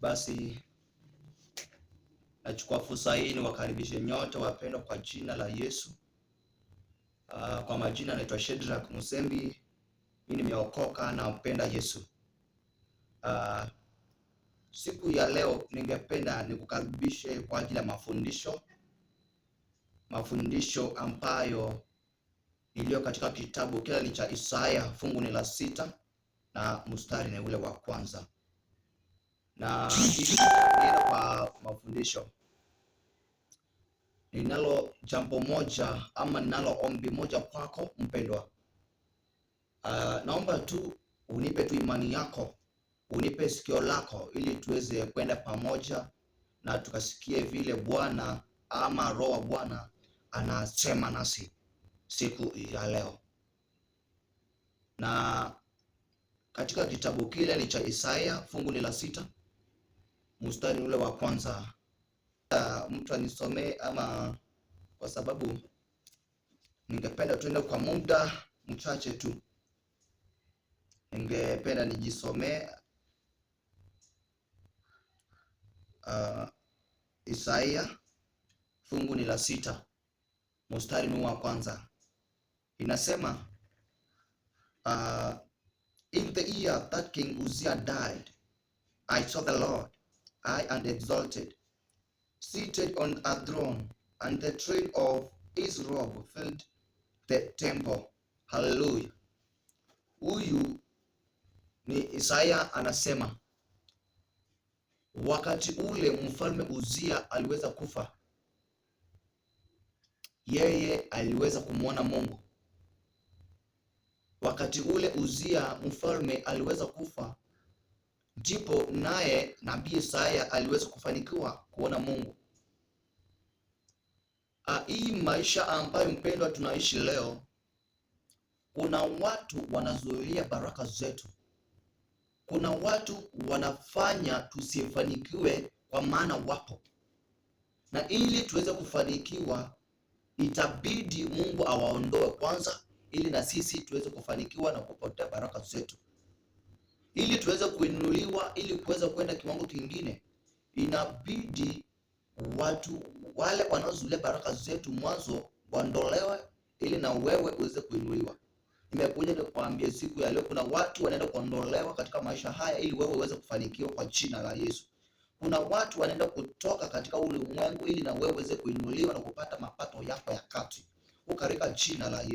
Basi nachukua fursa hii niwakaribishe nyote wapendwa kwa jina la Yesu. Uh, kwa majina naitwa Shedrack Musembi, mimi nimeokoka na mpenda Yesu. Uh, siku ya leo ningependa nikukaribishe kwa ajili ya mafundisho mafundisho ambayo iliyo katika kitabu kile cha Isaya fungu ni la sita na mstari ni ule wa kwanza na hivi kwa mafundisho, ninalo jambo moja ama ninalo ombi moja kwako mpendwa. Uh, naomba tu unipe tu imani yako, unipe sikio lako, ili tuweze kwenda pamoja na tukasikie vile Bwana ama Roho wa Bwana anasema nasi siku ya leo. Na katika kitabu kile ni cha Isaya fungu ni la sita mstari ule wa kwanza mtu anisomee ama kwa sababu ningependa tuende kwa muda mchache tu, ningependa nijisomee uh, Isaia fungu ni la sita mstari ni wa kwanza inasema uh, in the year that King Uzziah died I saw the Lord high and exalted, seated on a throne, and the train of his robe filled the temple. Haleluya! Huyu ni Isaya anasema wakati ule mfalme Uzia aliweza kufa, yeye aliweza kumwona Mungu. Wakati ule Uzia mfalme aliweza kufa Ndipo naye nabii Isaya aliweza kufanikiwa kuona Mungu. Ah, hii maisha ambayo mpendwa, tunaishi leo, kuna watu wanazuilia baraka zetu, kuna watu wanafanya tusifanikiwe, kwa maana wapo. Na ili tuweze kufanikiwa, itabidi Mungu awaondoe kwanza, ili na sisi tuweze kufanikiwa na kupotea baraka zetu ili tuweze kuinuliwa, ili kuweza kwenda kiwango kingine, inabidi watu wale wanaozulia baraka zetu mwanzo waondolewe, ili na wewe uweze kuinuliwa. Nimekuja nikuambia siku ya leo, kuna watu wanaenda kuondolewa katika maisha haya, ili wewe uweze kufanikiwa kwa jina la Yesu. Kuna watu wanaenda kutoka katika ulimwengu, ili na wewe uweze kuinuliwa na kupata mapato yako ya kati ukarika jina la Yesu.